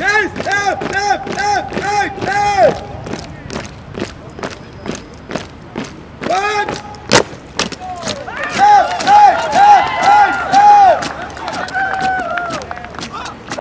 Yes! Up! Up!